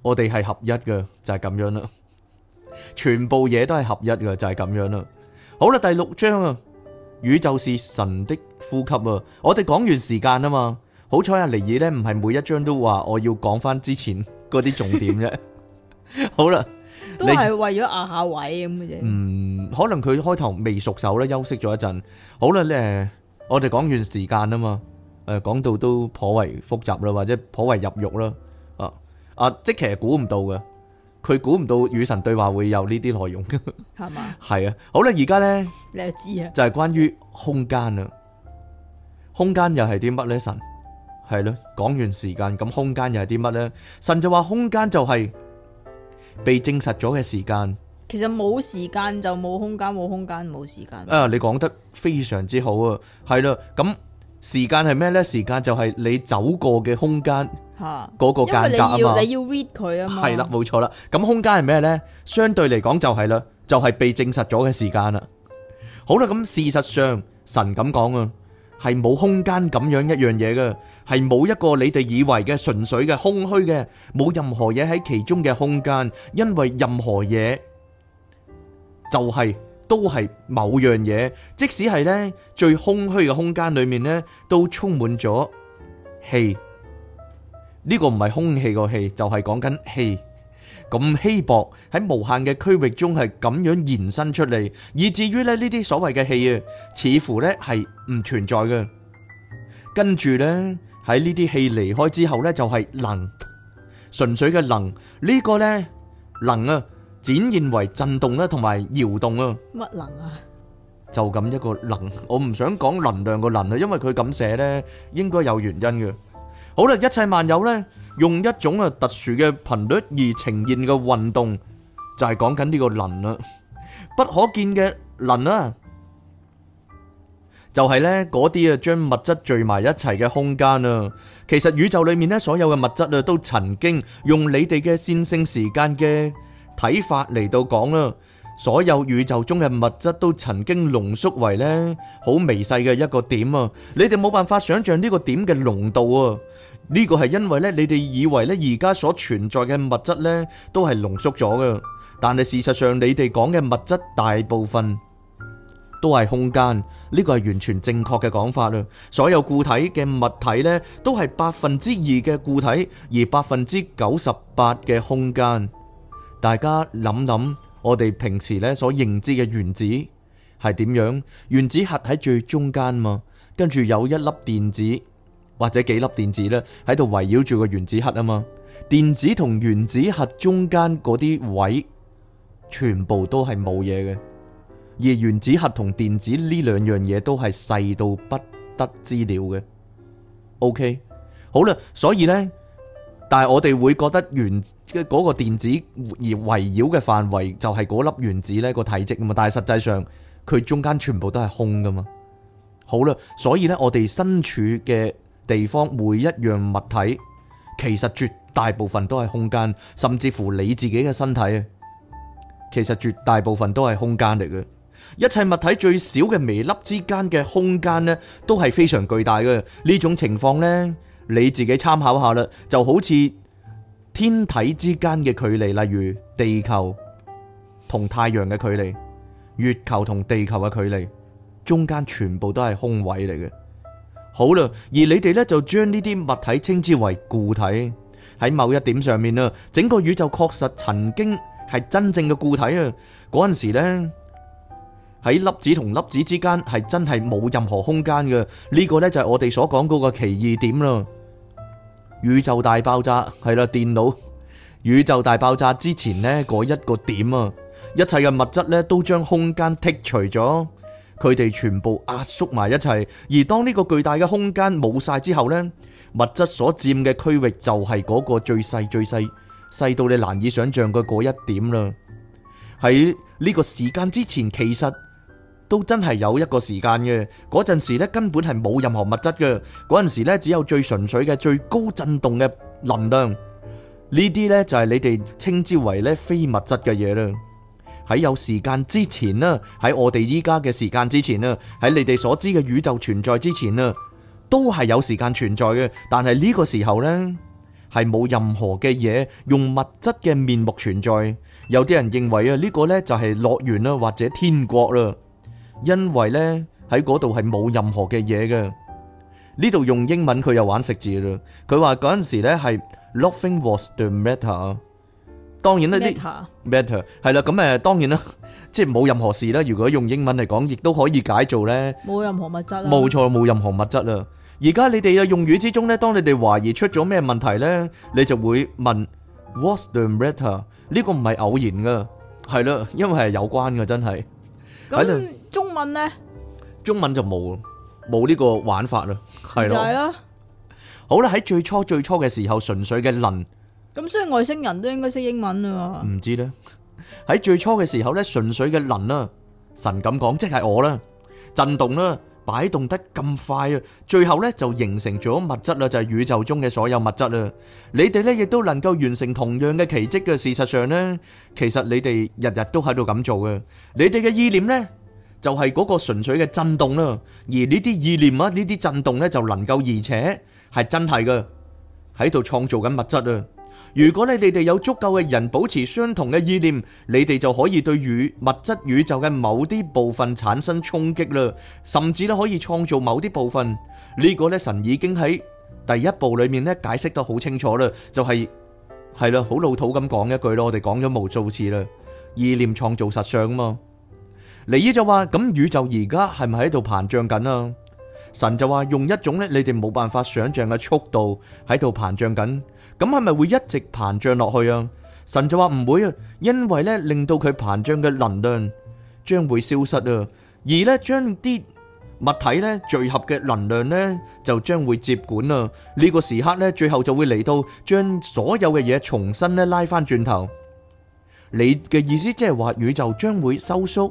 我哋係合一嘅，就係咁樣啦。全部嘢都係合一嘅，就係咁樣啦。好啦，第六章啊，宇宙是神的呼吸啊。我哋講完時間啊嘛。好彩阿尼爾咧，唔係每一章都話我要講翻之前嗰啲重點啫。 好啦了，都係為咗壓下位咁嘅啫。嗯，可能佢開頭未熟手咧，休息咗一陣。好啦，咧、呃、我哋講完時間啊嘛，誒、呃，講到都頗為複雜啦，或者頗為入肉啦。啊啊，即其實估唔到嘅，佢估唔到與神對話會有呢啲內容嘅。係嘛吧？係 啊。好啦，而家咧，你就知啊？就係關於空間啊，空間又係啲乜咧？神。係咯，講完時間，咁空間又係啲乜呢？神就話空間就係被證實咗嘅時間。其實冇時間就冇空間，冇空間冇時間。啊、哎，你講得非常之好啊！係啦，咁時間係咩呢？時間就係你走過嘅空間，吓嗰、啊、個間隔啊嘛你要。你要 read 佢啊嘛。係啦，冇錯啦。咁空間係咩呢？相對嚟講就係啦，就係、是、被證實咗嘅時間啦。好啦，咁事實上神咁講啊。係冇空間咁樣一樣嘢嘅，係冇一個你哋以為嘅純粹嘅空虛嘅，冇任何嘢喺其中嘅空間，因為任何嘢就係都係某樣嘢，即使係呢最空虛嘅空間裏面呢，都充滿咗氣，呢個唔係空氣個氣，就係講緊氣。咁稀薄，喺無限嘅區域中係咁樣延伸出嚟，以至於咧呢啲所謂嘅氣啊，似乎咧係唔存在嘅。跟住咧喺呢啲氣離開之後咧，就係能，純粹嘅能。呢個咧能啊，展現為震動啦，同埋搖動啊。乜能啊？就咁一個能，我唔想講能量個能啊，因為佢咁寫咧，應該有原因嘅。好啦，一切萬有咧。用一種啊特殊嘅頻率而呈現嘅運動，就係講緊呢個能啦， 不可見嘅能啦，就係咧嗰啲啊將物質聚埋一齊嘅空間啦。其實宇宙裏面咧所有嘅物質啊都曾經用你哋嘅線性時間嘅睇法嚟到講啦，所有宇宙中嘅物質都曾經濃縮為呢好微細嘅一個點啊！你哋冇辦法想象呢個點嘅濃度啊！呢個係因為呢，你哋以為呢而家所存在嘅物質呢都係濃縮咗㗎，但係事實上你哋講嘅物質大部分都係空間，呢個係完全正確嘅講法啦！所有固體嘅物體呢都係百分之二嘅固體而，而百分之九十八嘅空間。大家諗諗。我哋平時咧所認知嘅原子係點樣？原子核喺最中間嘛，跟住有一粒電子或者幾粒電子咧喺度圍繞住個原子核啊嘛。電子同原子核中間嗰啲位全部都係冇嘢嘅，而原子核同電子呢兩樣嘢都係細到不得之了嘅。OK，好啦，所以呢。但係我哋會覺得原子嗰個電子而圍繞嘅範圍就係嗰粒原子呢個體積啊嘛，但係實際上佢中間全部都係空噶嘛。好啦，所以呢，我哋身處嘅地方每一樣物體其實絕大部分都係空間，甚至乎你自己嘅身體啊，其實絕大部分都係空間嚟嘅。一切物體最少嘅微粒之間嘅空間呢，都係非常巨大嘅。呢種情況呢。你自己參考下啦，就好似天體之間嘅距離，例如地球同太陽嘅距離、月球同地球嘅距離，中間全部都係空位嚟嘅。好啦，而你哋呢，就將呢啲物體稱之為固體。喺某一點上面啊，整個宇宙確實曾經係真正嘅固體啊！嗰陣時呢。喺粒子同粒子之間係真係冇任何空間嘅，呢個呢，就係我哋所講嗰個奇異點啦。宇宙大爆炸係啦，電腦宇宙大爆炸之前呢，嗰一個點啊，一切嘅物質呢，都將空間剔除咗，佢哋全部壓縮埋一齊。而當呢個巨大嘅空間冇晒之後呢，物質所佔嘅區域就係嗰個最細最細，細到你難以想象嘅嗰一點啦。喺呢個時間之前，其實。都真係有一個時間嘅嗰陣時咧，根本係冇任何物質嘅嗰陣時咧，只有最純粹嘅最高震動嘅能量呢啲咧，就係你哋稱之為咧非物質嘅嘢啦。喺有時間之前啦，喺我哋依家嘅時間之前啦，喺你哋所知嘅宇宙存在之前啦，都係有時間存在嘅。但係呢個時候呢，係冇任何嘅嘢用物質嘅面目存在。有啲人認為啊，呢個呢，就係樂園啦，或者天國啦。因為咧喺嗰度係冇任何嘅嘢嘅，呢度用英文佢又玩食字啦。佢話嗰陣時咧係 loving was the matter。當然啦，matter 係啦，咁誒，當然啦，即係冇任何事啦。如果用英文嚟講，亦都可以解做咧冇任何物質。冇錯，冇任何物質啦。而家你哋嘅用語之中咧，當你哋懷疑出咗咩問題咧，你就會問 what's the matter？呢個唔係偶然噶，係咯，因為係有關噶，真係。中文咧，中文就冇冇呢個玩法啦，係咯，好啦，喺最初最初嘅時候，純粹嘅能，咁所以外星人都應該識英文啊，唔知咧，喺最初嘅時候咧，純粹嘅能啦，神咁講，即係我啦，震動啦，擺動得咁快啊，最後咧就形成咗物質啦，就係宇宙中嘅所有物質啦，你哋咧亦都能夠完成同樣嘅奇蹟嘅，事實上咧，其實你哋日日都喺度咁做嘅，你哋嘅意念咧。就係嗰個純粹嘅震動啦，而呢啲意念啊，呢啲震動咧就能夠而且係真係㗎，喺度創造緊物質啊！如果你你哋有足夠嘅人保持相同嘅意念，你哋就可以對宇物質宇宙嘅某啲部分產生衝擊啦，甚至咧可以創造某啲部分。呢個咧神已經喺第一部裏面咧解釋得好清楚啦，就係係啦，好老土咁講一句咯，我哋講咗無數次啦，意念創造實相啊嘛。你呢就話咁宇宙而家係咪喺度膨脹緊啊？神就話用一種咧，你哋冇辦法想象嘅速度喺度膨脹緊，咁係咪會一直膨脹落去啊？神就話唔會啊，因為咧令到佢膨脹嘅能量將會消失啊，而咧將啲物體咧聚合嘅能量咧就將會接管啊。呢個時刻咧最後就會嚟到將所有嘅嘢重新咧拉翻轉頭。你嘅意思即係話宇宙將會收縮？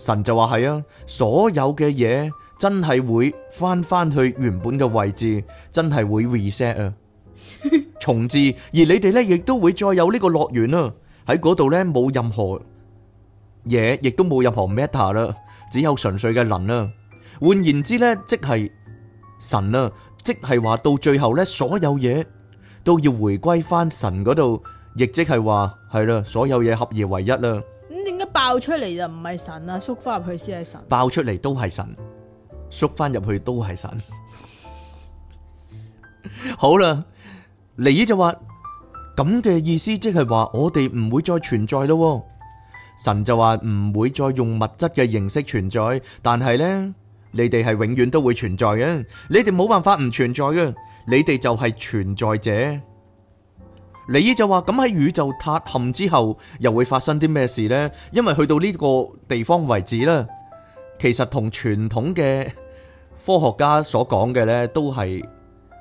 神就話係啊，所有嘅嘢真係會翻翻去原本嘅位置，真係會 reset 啊，重置，而你哋咧亦都會再有呢個樂園啦，喺嗰度咧冇任何嘢，亦都冇任何 matter 啦，只有純粹嘅能啦。換言之咧，即係神啦，即係話到最後咧，所有嘢都要回歸翻神嗰度，亦即係話係啦，所有嘢合而為一啦。爆出嚟就唔係神啦，縮翻入去先係神。神爆出嚟都係神，縮翻入去都係神。 好啦，尼爾就話咁嘅意思，即係話我哋唔會再存在咯。神就話唔會再用物質嘅形式存在，但係呢，你哋係永遠都會存在嘅。你哋冇辦法唔存在嘅，你哋就係存在者。你呢就話咁喺宇宙塌陷之後又會發生啲咩事呢？因為去到呢個地方為止啦，其實同傳統嘅科學家所講嘅呢都係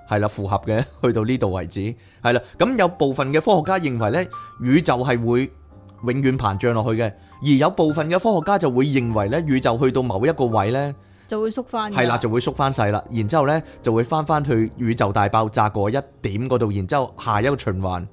係啦符合嘅。去到呢度為止係啦。咁有部分嘅科學家認為呢，宇宙係會永遠膨脹落去嘅，而有部分嘅科學家就會認為呢，宇宙去到某一個位呢，就會縮翻，係啦就會縮翻細啦，然之後咧就會翻翻去宇宙大爆炸嗰一點嗰度，然之後下一個循環。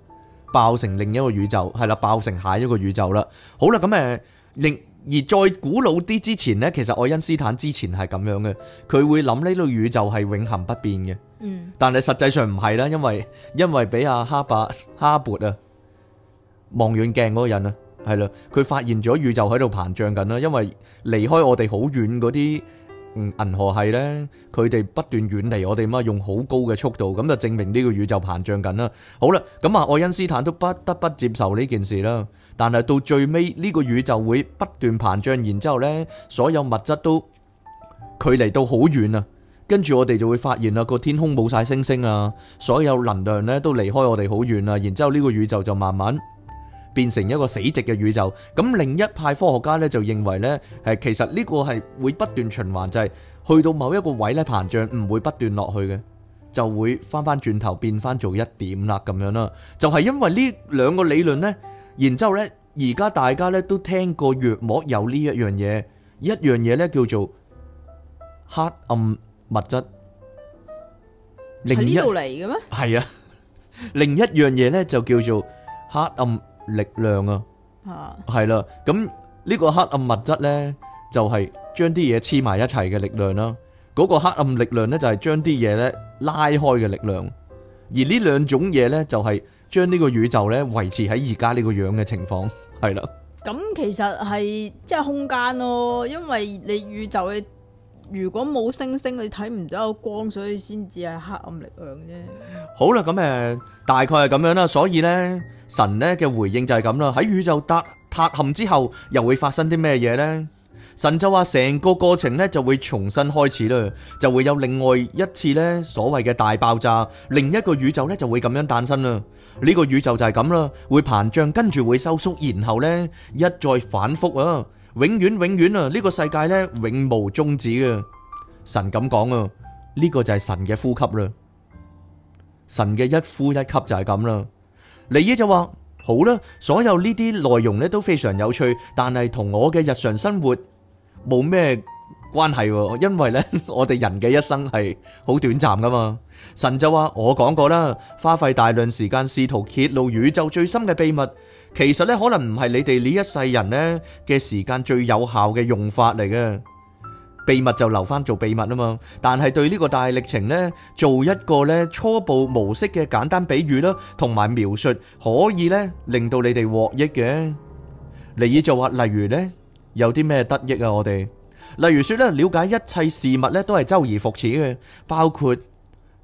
爆成另一個宇宙，係啦，爆成下一個宇宙啦。好啦，咁、呃、誒，另而再古老啲之前呢，其實愛因斯坦之前係咁樣嘅，佢會諗呢個宇宙係永恆不變嘅。嗯，但係實際上唔係啦，因為因為俾阿哈伯哈勃啊望遠鏡嗰個人啊，係啦，佢發現咗宇宙喺度膨脹緊啦，因為離開我哋好遠嗰啲。銀河系呢，佢哋不斷遠離我哋嘛，用好高嘅速度，咁就證明呢個宇宙膨脹緊啦。好啦，咁啊，愛因斯坦都不得不接受呢件事啦。但係到最尾呢個宇宙會不斷膨脹，然之後呢，所有物質都距離到好遠啊。跟住我哋就會發現啦，個天空冇晒星星啊，所有能量呢都離開我哋好遠啦。然之後呢個宇宙就慢慢。變成一個死寂嘅宇宙，咁另一派科學家咧就認為咧，誒，其實呢個係會不斷循環，就係去到某一個位咧膨脹，唔會不斷落去嘅，就會翻翻轉頭變翻做一點啦咁樣啦。就係因為呢兩個理論咧，然之後咧，而家大家咧都聽過約莫有呢一樣嘢，一樣嘢咧叫做黑暗物質。喺呢度嚟嘅咩？係啊，另一樣嘢咧就叫做黑暗。力量啊，係啦、啊，咁呢個黑暗物質咧就係將啲嘢黐埋一齊嘅力量啦，嗰、嗰個黑暗力量咧就係將啲嘢咧拉開嘅力量，而兩呢兩種嘢咧就係將呢個宇宙咧維持喺而家呢個樣嘅情況，係啦。咁其實係即係空間咯，因為你宇宙嘅。如果冇星星，你睇唔到個光，所以先至係黑暗力量啫。好啦，咁誒、呃，大概係咁樣啦。所以呢，神呢嘅回應就係咁啦。喺宇宙塌塌陷之後，又會發生啲咩嘢呢？神就話成個過程呢就會重新開始啦，就會有另外一次呢所謂嘅大爆炸，另一個宇宙呢就會咁樣誕生啦。呢、這個宇宙就係咁啦，會膨脹，跟住會收縮，然後呢，一再反覆啊。永遠永遠啊！呢個世界呢永無終止啊！神咁講啊，呢個就係神嘅呼吸啦，神嘅一呼一吸就係咁啦。尼爾就話，好啦，所有呢啲內容呢都非常有趣，但係同我嘅日常生活冇咩關係，因為咧，我哋人嘅一生係好短暫噶嘛。神就話，我講過啦，花費大量時間試圖揭露宇宙最深嘅秘密，其實咧可能唔係你哋呢一世人咧嘅時間最有效嘅用法嚟嘅。秘密就留翻做秘密啊嘛。但係對呢個大歷程咧，做一個咧初步模式嘅簡單比喻啦，同埋描述可以咧令到你哋獲益嘅。尼爾就話，例如咧，有啲咩得益啊，我哋？例如說咧，了解一切事物咧都係周而復始嘅，包括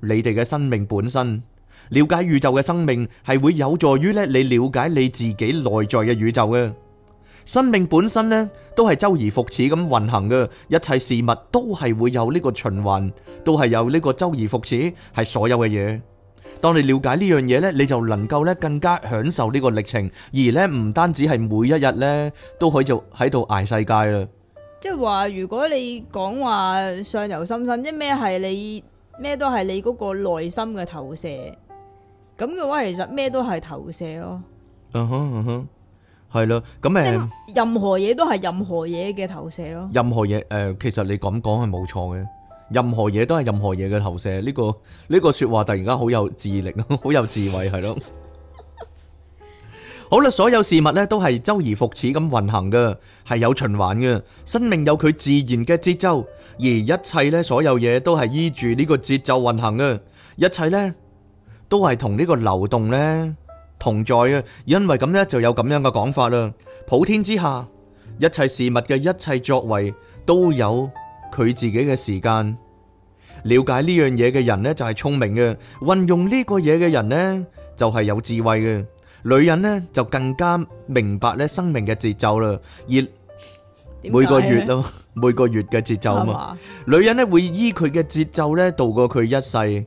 你哋嘅生命本身。了解宇宙嘅生命係會有助於咧你了解你自己內在嘅宇宙嘅。生命本身咧都係周而復始咁運行嘅，一切事物都係會有呢個循環，都係有呢個周而復始，係所有嘅嘢。當你了解呢樣嘢咧，你就能夠咧更加享受呢個歷程，而咧唔單止係每一日咧都可以喺度捱世界啦。即係話，如果你講話上游深深，即係咩係你，咩都係你嗰個內心嘅投射，咁嘅話其實咩都係投射咯。嗯哼嗯哼，係咯，咁誒，任何嘢都係任何嘢嘅投射咯。任何嘢誒，其實你咁講係冇錯嘅，任何嘢都係任何嘢嘅投射。呢個呢個說話突然間好有智力，好 有智慧係咯。 好啦，所有事物咧都係周而復始咁運行嘅，係有循環嘅。生命有佢自然嘅節奏，而一切咧，所有嘢都係依住呢個節奏運行嘅。一切咧都係同呢個流動咧同在嘅，因為咁咧就有咁樣嘅講法啦。普天之下，一切事物嘅一切作為都有佢自己嘅時間。了解呢樣嘢嘅人咧就係聰明嘅，運用呢個嘢嘅人咧就係有智慧嘅。女人咧就更加明白咧生命嘅節奏啦，而每個月咯，每個月嘅節奏嘛，女人咧會依佢嘅節奏咧度過佢一世。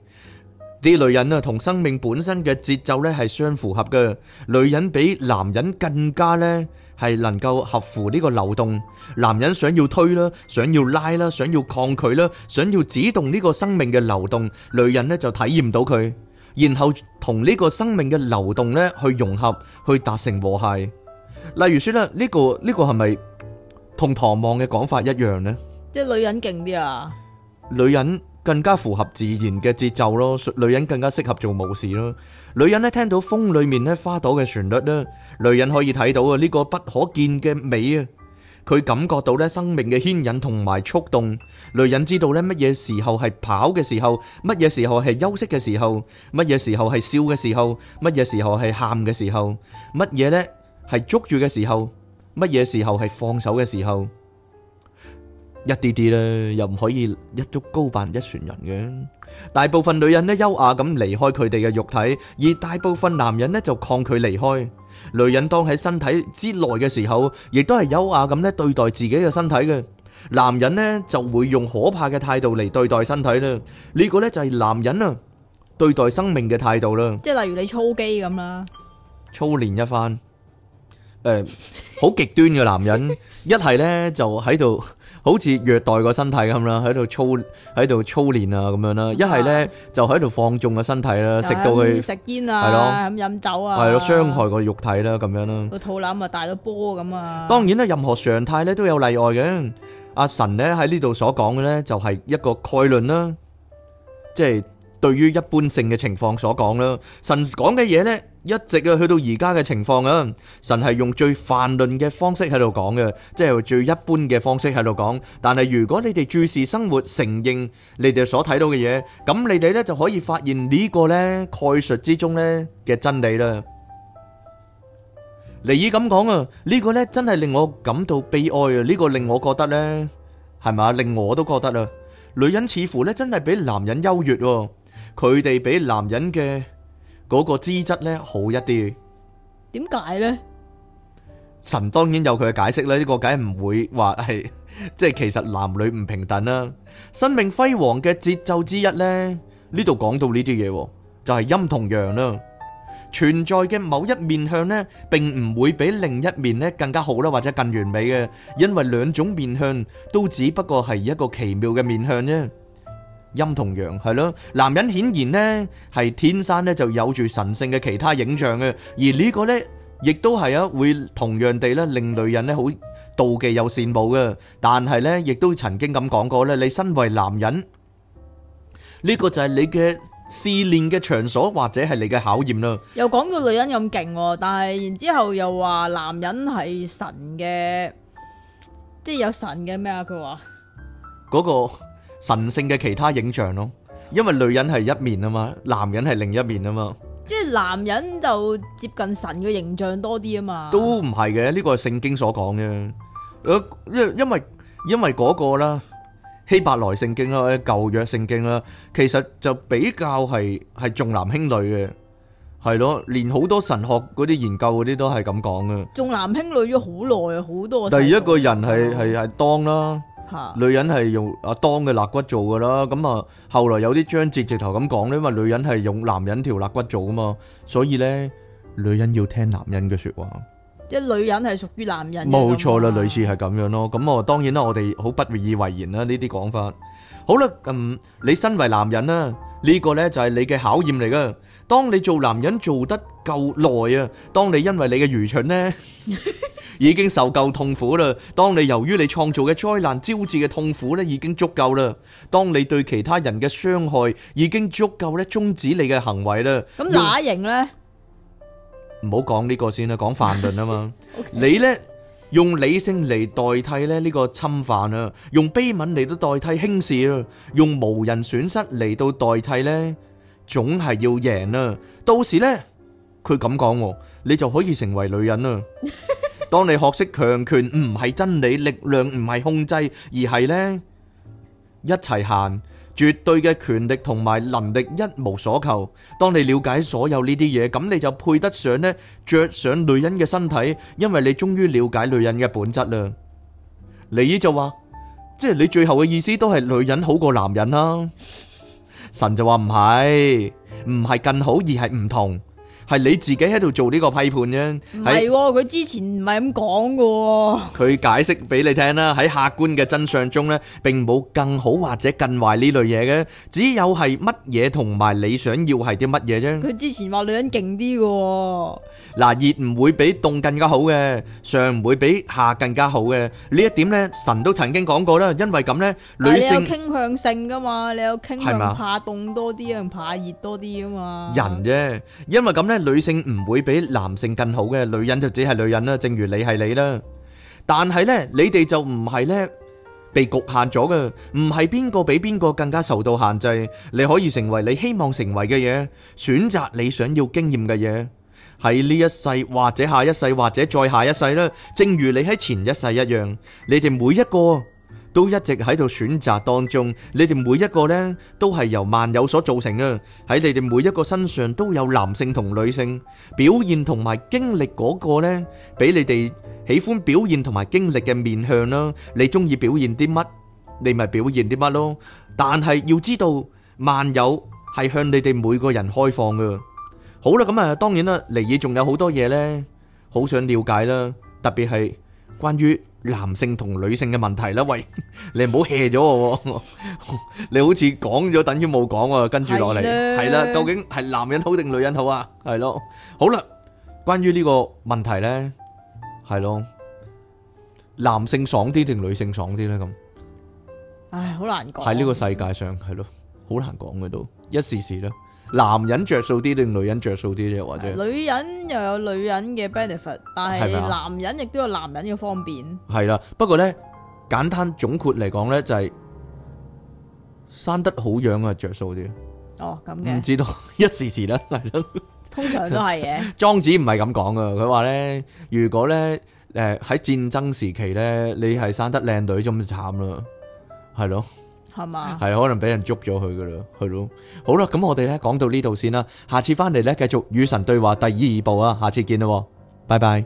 啲女人啊同生命本身嘅節奏咧係相符合噶女人比男人更加咧係能夠合乎呢個流動。男人想要推啦，想要拉啦，想要抗拒啦，想要指動呢個生命嘅流動，女人咧就體驗到佢。然後同呢個生命嘅流動咧去融合，去達成和諧。例如説咧，呢個呢個係咪同唐望嘅講法一樣呢？即係女人勁啲啊！女人更加符合自然嘅節奏咯，女人更加適合做武士咯。女人咧聽到風裡面咧花朵嘅旋律咧，女人可以睇到啊呢個不可見嘅美啊！佢感覺到咧生命嘅牽引同埋觸動，女人知道咧乜嘢時候係跑嘅時候，乜嘢時候係休息嘅時候，乜嘢時候係笑嘅時候，乜嘢時候係喊嘅時候，乜嘢呢？係捉住嘅時候，乜嘢時候係放手嘅時候。一啲啲啦，又唔可以一竹篙打一船人嘅。大部分女人咧優雅咁離開佢哋嘅肉體，而大部分男人咧就抗拒離開。女人當喺身體之內嘅時候，亦都係優雅咁咧對待自己嘅身體嘅。男人咧就會用可怕嘅態度嚟對待身體啦。呢個咧就係男人啊對待生命嘅態度啦。即係例如你操肌咁啦，操練一番。誒，好極端嘅男人，一係咧就喺度。好似虐待個身體咁啦，喺度操喺度操練啊咁樣啦，一係咧就喺度放縱個身體啦，食到佢食煙啊，係咯，咁飲酒啊，係咯，傷害個肉體啦，咁樣啦，個肚腩啊大到波咁啊。當然啦，任何常態咧都有例外嘅。阿神咧喺呢度所講嘅咧就係一個概論啦，即係對於一般性嘅情況所講啦。神講嘅嘢咧。一直啊，去到而家嘅情況啊，神係用最泛論嘅方式喺度講嘅，即係最一般嘅方式喺度講。但係如果你哋注視生活，承認你哋所睇到嘅嘢，咁你哋呢就可以發現呢個呢概述之中呢嘅真理啦。尼爾咁講啊，呢個呢真係令我感到悲哀啊！呢個令我覺得呢，係咪啊？令我都覺得啊，女人似乎呢真係比男人優越，佢哋比男人嘅。嗰個資質呢好一啲，點解呢？神當然有佢嘅解釋啦，呢個梗係唔會話係即係其實男女唔平等啦。生命輝煌嘅節奏之一呢，呢度講到呢啲嘢，就係陰同陽啦。存在嘅某一面向呢，並唔會比另一面呢更加好啦，或者更完美嘅，因為兩種面向都只不過係一個奇妙嘅面向啫。陰同陽係咯，男人顯然咧係天生咧就有住神聖嘅其他影像嘅，而呢個咧亦都係啊會同樣地咧令女人咧好妒忌又羨慕嘅。但係咧亦都曾經咁講過咧，你身為男人，呢個就係你嘅試煉嘅場所，或者係你嘅考驗啦。又講到女人咁勁，但係然之後又話男人係神嘅，即係有神嘅咩啊？佢話嗰個。神聖嘅其他影像咯，因為女人係一面啊嘛，男人係另一面啊嘛，即係男人就接近神嘅形象多啲啊嘛，都唔係嘅，呢個係聖經所講嘅，因因為因為嗰個啦希伯來聖經啦舊約聖經啦，其實就比較係係重男輕女嘅，係咯，連好多神學嗰啲研究嗰啲都係咁講嘅，重男輕女咗好耐啊，好多，第一個人係係係當啦。女人係用阿當嘅肋骨做噶啦，咁啊後來有啲章節直直頭咁講咧，因為女人係用男人條肋骨做啊嘛，所以咧，女人要聽男人嘅說話，即係女人係屬於男人，冇錯啦，類似係咁樣咯。咁啊，當然啦，我哋好不以為然啦呢啲講法。好啦，嗯，你身為男人啦，呢個咧就係你嘅考驗嚟噶。當你做男人做得夠耐啊，當你因為你嘅愚蠢呢，已經受夠痛苦啦。當你由於你創造嘅災難招致嘅痛苦咧，已經足夠啦。當你對其他人嘅傷害已經足夠咧，終止你嘅行為啦。咁哪型咧？唔好講呢個先啦，講犯論啊嘛。你咧用理性嚟代替咧呢個侵犯啊，用悲憫嚟到代替輕視啊，用無人損失嚟到代替咧。總係要贏啦，到時咧，佢咁講，你就可以成為女人啦。當你學識強權唔係真理，力量唔係控制，而係咧一齊行，絕對嘅權力同埋能力一無所求。當你了解所有呢啲嘢，咁你就配得上咧着上女人嘅身體，因為你終於了解女人嘅本質啦。你姨就話，即係你最後嘅意思都係女人好過男人啦。神就話唔係，唔係更好，而係唔同。係你自己喺度做呢個批判啫，唔係佢之前唔係咁講噶。佢解釋俾你聽啦，喺客觀嘅真相中咧，並冇更好或者更壞呢類嘢嘅，只有係乜嘢同埋你想要係啲乜嘢啫。佢之前話女人勁啲噶，嗱，熱唔會比凍更加好嘅，上唔會比下更加好嘅。呢一點咧，神都曾經講過啦，因為咁咧女人有傾向性噶嘛，你有傾向怕凍多啲，又怕熱多啲啊嘛。人啫，因為咁咧。女性唔會比男性更好嘅，女人就只係女人啦，正如你係你啦。但係呢，你哋就唔係呢，被局限咗嘅，唔係邊個畀邊個更加受到限制。你可以成為你希望成為嘅嘢，選擇你想要經驗嘅嘢，喺呢一世或者下一世或者再下一世啦。正如你喺前一世一樣，你哋每一個。都一直喺度選擇當中，你哋每一個咧都係由萬有所造成啊！喺你哋每一個身上都有男性同女性表現同埋經歷嗰個咧，俾你哋喜歡表現同埋經歷嘅面向啦。你中意表現啲乜，你咪表現啲乜咯。但係要知道，萬有係向你哋每個人開放噶。好啦，咁啊，當然啦，尼爾仲有好多嘢咧，好想了解啦，特別係關於。男性同女性嘅問題啦，喂，你唔好 hea 咗我，你好似講咗等於冇講喎，跟住落嚟係啦，究竟係男人好定女人好啊？係咯，好啦，關於呢個問題呢，係咯，男性爽啲定女性爽啲呢咁？唉，好難講。喺呢個世界上係咯，好難講嘅都一時時啦。男人着數啲定女人着數啲咧？或者女人又有女人嘅 benefit，但係男人亦都有男人嘅方便。係啦，不過咧，簡單總括嚟講咧，就係生得好樣啊，着數啲。哦，咁嘅。唔知道一時時啦，係咯。通常都係嘅。莊子唔係咁講噶，佢話咧，如果咧，誒喺戰爭時期咧，你係生得靚女咁就慘啦，係咯。係嘛？係可能畀人捉咗佢噶啦，係咯。好啦，咁我哋咧講到呢度先啦。下次翻嚟咧，繼續與神對話第二部啊！下次見啦，拜拜。